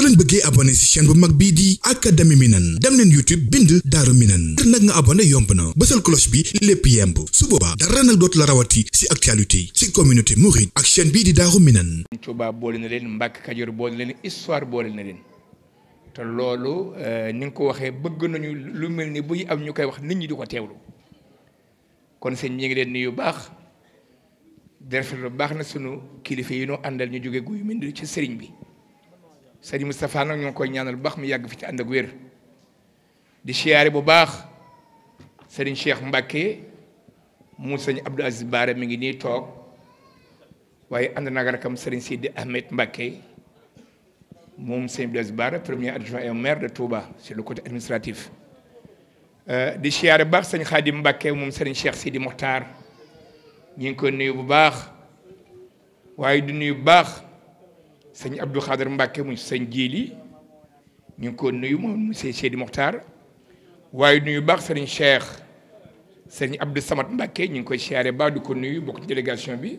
soo bëggee abonné ci chaîne mag bii di académie Minane dem leen YouTube bind Daaru Minane ngir nag nga abonné yomb na bësal cloche lépp yemb su boobaa dootu la rawati ci actualité ci communauté mouride ak chaîne bii di Daaru Minane Tuubaa boole na leen Mbàkke Kajoor boole na leen histoire boole na leen te loolu euh, ni nga ko waxee bëgg nañu lu mel ni buy am ñu koy wax nit ñi di ko teewlu kon sëñ ñi ngi leen nuyu baax derefet lu baax na sunu kilifa yi noo àndal ñu jóge guy mbind ci sëriñ bi sëriñ Moustapha nag ñu ngi koy ñaanal bu baax mu yàgg fi ci ànd ak wér di siyaare bu baax sëriñ Cheikh Mbacke mu sëñ Abdou Aziz Baare mi ngi nii toog waaye ànd nag rakam sëriñ Sidi Ahmed Mbacke moom sëñ Abdou Aziz Baare premier adjoint et maire de Touba sur le côté administratif. Euh, di siyaare bu baax sëñ Khadim Mbacke moom sëriñ Cheikh Sidi Mokhtar ñu ngi koy nuyu bu baax waaye du nuyu bu baax. sëñ Abdou Khader Mbacke mu sëñ Jili ñu ngi ko nuyu moom monsieur Seydi Mokhtar waaye nuyu baax sëriñ Cheikh sëriñ Abdou Samad Mbacke ñu ngi koy siyaare ba du ko nuyu bokk délégation bi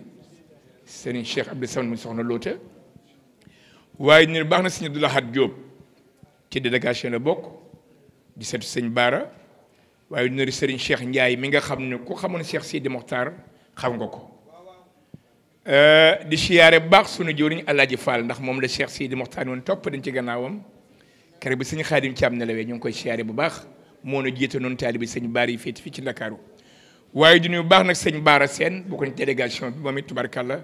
sëriñ Cheikh Abdou Samad mu soxna Loota waaye ñu baax na sëñ Abdou Lahad Diop ci délégation la bokk di seetu sëñ Baara waaye ñu sëriñ Cheikh Ndiaye mi nga xam ne ku xamoon Cheikh Seydi Mokhtar xam nga ko. Euh, di siyaare baax sunu jëwriñ Alaaji Fall ndax moom la Cheikh Sidi Moxtaar woon topp dañ ci gannaawam kere bi sëñ Xaadim Caam ne lawee ñu ngi koy siyaare bu baax moo nu jiite noonu taalibi sëñ Baara yi féeti fii ci Ndakaaru waaye du ñu baax nag sëñ Baara Seen bokk na délégation bi moom it tubarkàlla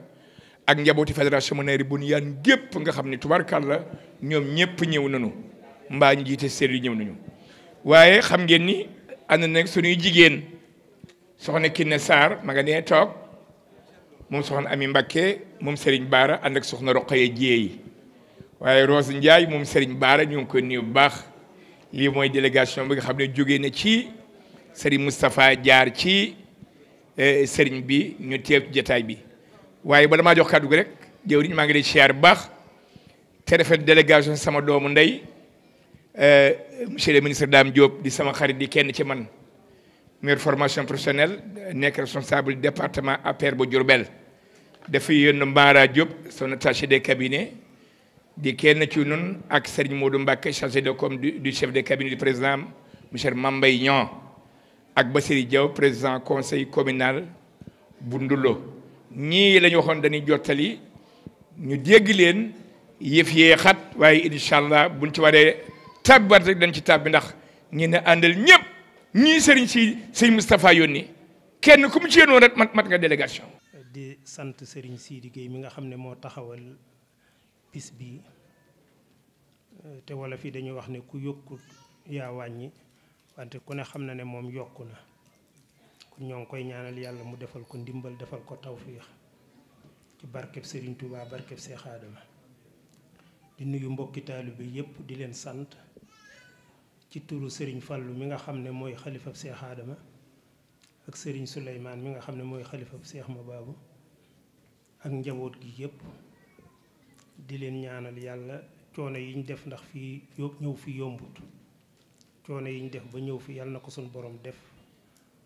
ak njabooti fédération Mounayri Bunyan gépp nga xam ne tubarkàlla ñoom ñëpp ñëw nañu mbaa ñu jiite seen yi ñëw nañu waaye xam ngeen ni ànd nag suñuy jigéen soxna Kiné Sarr ma moom soxna Ami Mbakke moom Serigne Baara ànd ak soxna Roqaye Dieye waaye Rose Ndiaye moom seriñ Baara ñu ngi koy nuyu bu baax lii mooy délégation bi nga xam ne jógee na ci Serigne Moustapha jaar ci eh, Serigne bi ñu teew ci jataay bi waaye bala damaa jox kàddu gi rek jëwriñ maa ngi lay siyaar bu baax te rafet délégation sama doomu ndey eh, monsieur le ministre Dame Diop di sama xarit di kenn ci man. meilleure formation professionnelle nekk responsable département APR bu Diourbel dafay yónn Mara Diop son attaché de cabinet di kenn ci nun ak Serigne Modou Mbacké chargé de com du chef de cabinet du président monsieur Mame Mbaye Niang ak Bassirou Diaw président conseil communal bu Ndoulo ñii la waxoon dañuy jottali ñu dégg leen yëf yee xat waaye incha bu buñ ci waree tabbat rek dañ ci tab bi ndax ñi ne àndal ñëpp ñii sëriñ si sëñ Moustapha yónni kenn ku mu ci yónnoo rek mat mat nga délégation. di sant sëriñ Sidi Gueye mi nga xam ne moo taxawal bis bi euh, te wala fii dañu wax ne ku yokkut yaa wàññi wante ku ne xam na ne moom yokk na ku ñoo ngi koy ñaanal yàlla mu defal ko ndimbal defal ko tawfiix ci barkeb sëriñ Touba barkeb Seex Aadama di nuyu mbokki bi yépp di leen sant. ci turu sëriñ Fallou mi nga xam ne mooy xalifa Seex Aadama ak sëriñ Souleymane mi nga xam ne mooy xalifa Seex baabu ak njaboot gi yépp di leen ñaanal yàlla coono yi def ndax fii ñëw fi yombut coono yi def ba ñëw fi yàlla na ko suñ borom def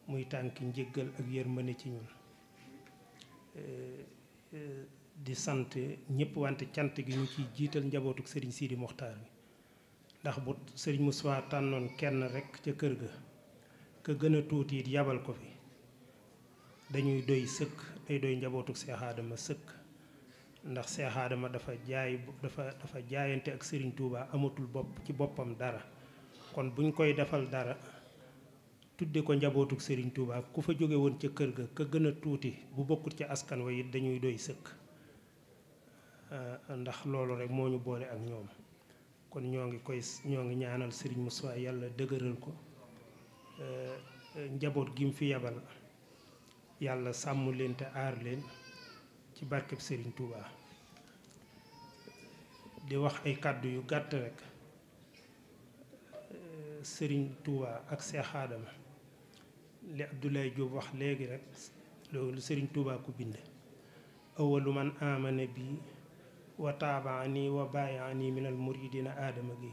muy tànki njëggal ak yërmande ci ñun eh, eh, di sant ñëpp wante cant gi ñu ciy jiital njabootuk sëriñ Sidi Moxtaar bi ndax bu sëriñ Moussa tànnoon kenn rekk ca kër ga ka gën a tuuti it yabal ko fi dañuy doy sëkk day doy njabootu Cheikh sëkk ndax Cheikh dafa jaay dafa dafa jaayante ak sëriñ tuubaa amatul bopp ci boppam dara kon buñ koy defal dara tudde ko njabootuk sëriñ Touba ku fa jóge woon ca kër ga ka gën a tuuti bu bokkut ca askan wa it dañuy doy sëkk ndax loolu rekk moo ñu boole ak ñoom kon ñoo ngi koy ñoo ngi ñaanal Serigne Moussa yàlla dëgëral ko euh, euh, njaboot gi mu fi yabal yàlla sàmm leen te aar leen ci barkeb sëriñ Touba di wax ay kàddu yu gàtt rekk euh, sëriñ Touba ak Cheikh Adama li Abdoulaye Diop wax léegi rek loolu sëriñ tuubaa ku bind awalu man amana bi wa taabaani wa baayaani minal dina aadama gi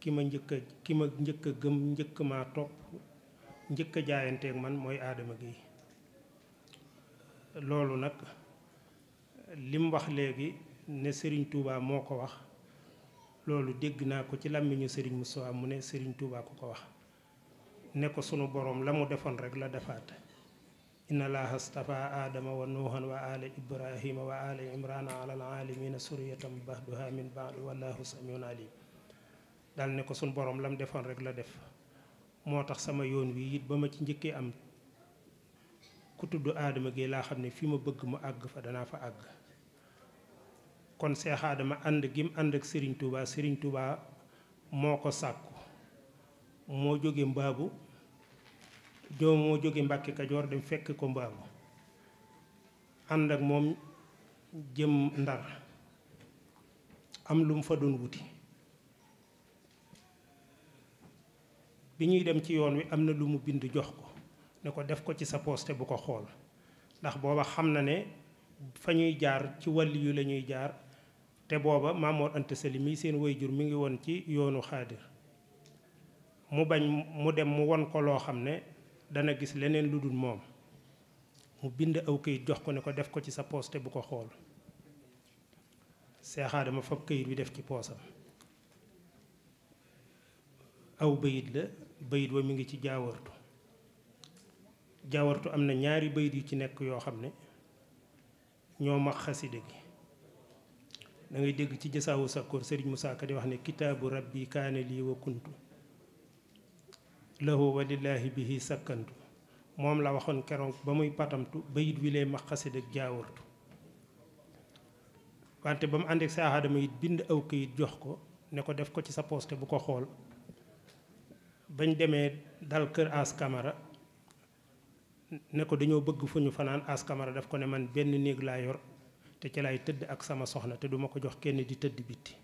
ki ma njëkk ki ma njëkk a gëm njëkk maa topp njëkk a jaayanteeg man mooy aadama gi loolu nag lim wax léegi ne sëriñ Touba moo ko wax loolu dégg naa ko ci làmmiñu sëriñ mu Moussa mu ne sëriñ Touba ku ko wax ne ko sunu borom la mu defoon rek la defaat inna allaha stafa aadama wa nuuhan wa ala ibrahima wa ala imrana ala alalamina suriyatan bahduha min baadu wallahu samiun alim dal ne ko suñ borom lam defoon rek la def moo tax sama yoon wi it ba ma ci njëkkee am ku tudd aadama gi laa xam ne fi ma bëgg mu àgg fa danaa fa àgg kon seex aadama ànd gi mu ànd ak sëriñ Touba sëriñ Touba moo ko sàkku moo jóge mbaabu joo moo jóge Mbàkke Kajoor dem fekk ko mbaabu ànd ak moom jëm Ndar am lu mu fa doon wuti bi ñuy dem ci yoon wi am na lu mu bind jox ko ne ko def ko ci sa poste bu ko xool ndax booba xam na ne fa ñuy jaar ci wàlli yu lañuy jaar te booba Maamoor Anta Sali mii seen wayjur mi ngi woon ci yoonu xaadir mu bañ mu dem mu won ko loo xam ne dana gis leneen lu dul moom mu bind aw kayit jox ko ne ko def ko ci sa poos te bu ko xool seexaadama fab këyit bi def ci poosam aw bayit la bayit wa mi ngi ci jaawartu jaawartu am na ñaari bayit yu ci nekk yoo xam ne ñoo mag xaside gi da dégg ci jasaawu sakkoor sëriñ Musaa Ka di wax ne kitaabu rabbi kaane lii wa kuntu lahu bi bihi sakkantu moom la waxoon keroog ba muy patamtu bayit wi lay max xasida ak jaawartu wante ba mu àndeek ak Seex bind aw kayit jox ko ne ko def ko ci sa poste bu ko xool bañ demee dal kër As Camara ne ko dañoo bëgg fu ñu fanaan As kamara daf ko ne man benn néeg laa yor te ci lay tëdd ak sama soxna te duma ko jox kenn di tëdd bitti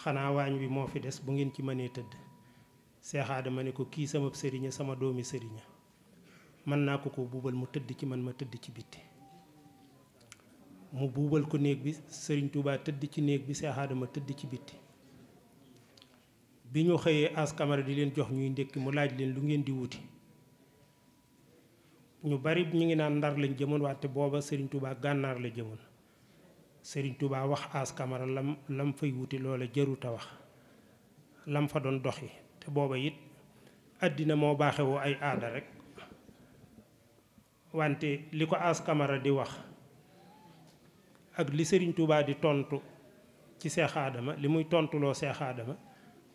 xanaa waañ wi moo fi des bu ngeen ci mënee tëdd Seex Aadama ne ko kii sama sëriña sama doomi sëriña mën naa ko ko buubal mu tëdd ci man ma tëdd ci bitti mu buubal ko néeg bi sëriñ Tuubaa tëdd ci néeg bi Seex Aadama tëdd ci bitti bi ñu xëyee as kamara di leen jox ñuy ndékki mu laaj leen lu ngeen di wuti ñu bari ñu ngi naan ndar lañ jëmoon wante booba sëriñ Tuubaa gànnaar la jëmoon sëriñ Tuubaa wax as lam lam fay wuti loola jaruta wax lam fa doon dox yi te booba it àddina moo baaxewoo ay aada rek wante li ko as kamara di wax ak li sëriñ Touba di tontu ci Seex Aadama li muy tontuloo Seex Aadama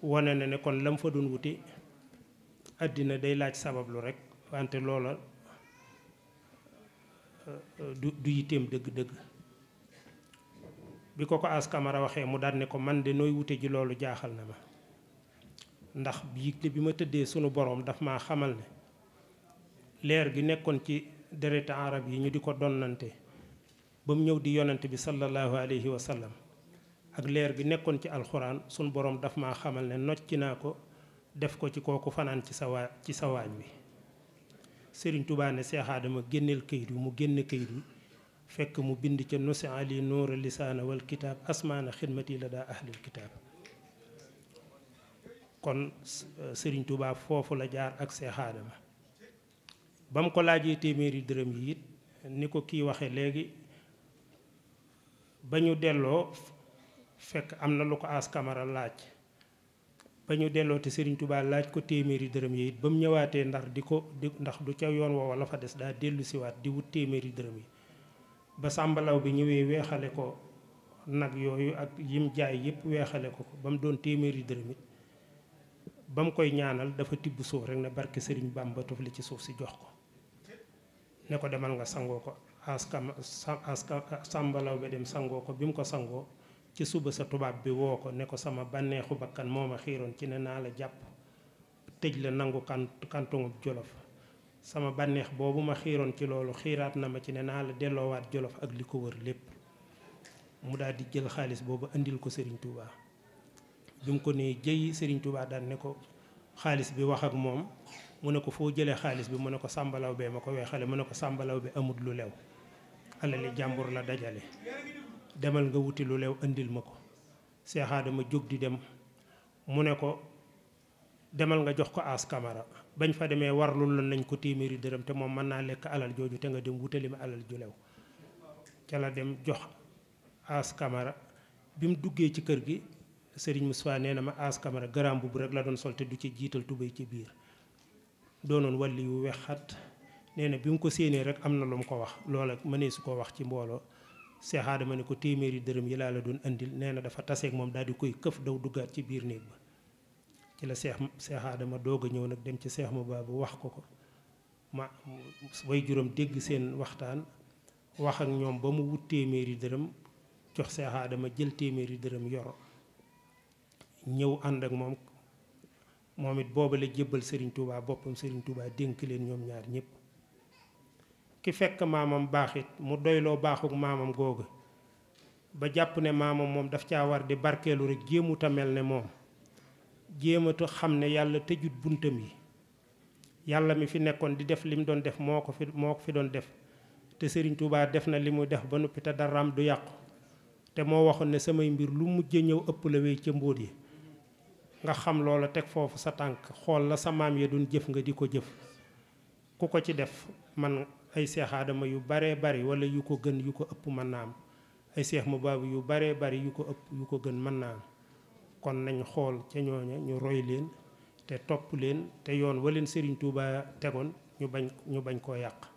wane na ne kon lam fa doon wuti àddina day laaj sabablu rek wante loola euh, du du dëgg-dëgg bi ko ko as kamara waxee mu daal ne ko man de nooy wute ji loolu jaaxal na ma ndax yigle bi ma tëddee sunu boroom dafa ma xamal ne leer gi nekkoon ci deret arab yi ñu di ko donnante ba mu ñëw di yonent bi sallallahu alayhi wa sallam ak leer gi nekkoon ci alxuraan sunu boroom dafa ma xamal ne nocci naa ko def ko ci kooku fanaan ci sa waa ci sa waañ wi sëriñ Tuubaa ne Seex génneel kayit wi mu génn kayit wi fekk mu bind ca nusi ali nuura lisaana wal kitaab asmaana xidmati la daa kitaab kon euh, sëriñ tubaab foofu la jaar ak Cheikh Adama ba mu ko laajee téeméeri dërëm yi it ni ko kii waxee léegi ba ñu delloo fekk am na lu ko aas kamara laaj ba ñu delloo te Serigne Touba laaj ko téeméeri dërëm yi ba mu ñëwaatee ndar di ko di ndax du ca yoon woowa la fa des daa dellu siwaat di wut téeméeri dërëm yi ba sàmbalaw bi ñëwee weexale ko nag yooyu ak yim jaay yépp weexale ko ko ba mu doon téeméeri dërëm yi ba mu koy ñaanal dafa tibb suuf rek ne barke sëriñ Bàmba tofli ci suuf si jox ko ne ko demal nga sangoo ko aska aska sàmbalaw bi dem sangoo ko bi mu ko sangoo ci suba sa tubaab bi woo ko ne ko sama bànneexu bakkan moo ma xiiroon ci ne naa la jàpp tëj la nangu kan kantungub jolof sama bànneex boobu ma xiiroon ci loolu xiiraat na ma ci ne naa la delloowaat jolof ak li ko wër lépp mu daal di jël xaalis boobu indil ko sëriñ tuubaa bi mu ko nee jëy Serigne Touba daan ne ko xaalis bi wax ak moom mu ne ko foo jëlee xaalis bi mu ne ko sàmbalaw bee ma ko weexale mu ne ko sàmbalaw bi amut lu lew alali jàmbur la dajale demal nga wuti lu lew indil ma ko Cheikh Adama jóg di dem mu ne ko demal nga jox ko aas kamara bañ fa demee warlu loon nañ ko téeméeri dërëm te moom mën naa lekk alal jooju te nga dem wutali ma alal ju lew ca la dem jox aas kamara bi mu duggee ci kër gi Serigne Moussa nee na ma aas kamara garaam bu rek la doon sol te du ci jiital tubéy ci biir doonoon wàlli yu wexat nee na bi mu ko séenee rek am na lu mu ko wax loola mënee su ko wax ci mbooloo Cheikh Adama ne ko téeméeri dërëm yi laa la doon indil nee na dafa taseek moom dal di koy këf daw duggaat ci biir néeg ba ci la Cheikh Cheikh Adama doog a ñëw nag dem ci seex mu baabu wax ko ko ma way juróom dégg seen waxtaan wax ak ñoom ba mu wut téeméeri dërëm jox Cheikh Adama jël téeméeri dërëm yoro ñëw ànd ak moom moom it boobale jébbal sëriñ Touba boppam sëriñ Touba dénk leen ñoom ñaar ñëpp ki fekk maamam baaxit it mu doyloo baaxuk maamam googu ba jàpp ne maamam moom daf caa war di barkeelu rek jéemuta mel ne moom jéematu xam ne yàlla tëjut buntam yi yàlla mi fi nekkoon di def li mu doon def moo ko fi moo ko fi doon def te Serigne Touba def na li mu def ba noppi te daraam du yàqu te moo waxoon ne samay mbir lu mujj ñëw ëpp la wéy ca mbóot yi nga xam loola teg foofu sa tànk xool la sa maam ya doon jëf nga di ko jëf ku ko ci def man ay seexaadama yu baree bari wala yu ko gën yu ko ëpp mën naa am ay seex mu baabu yu baree bari yu ko ëpp yu ko gën mën naa kon nañ xool ca ñooña ñu roy leen te topp leen te yoon waleen Serigne Touba tegoon ñu ñu bañ koo yàq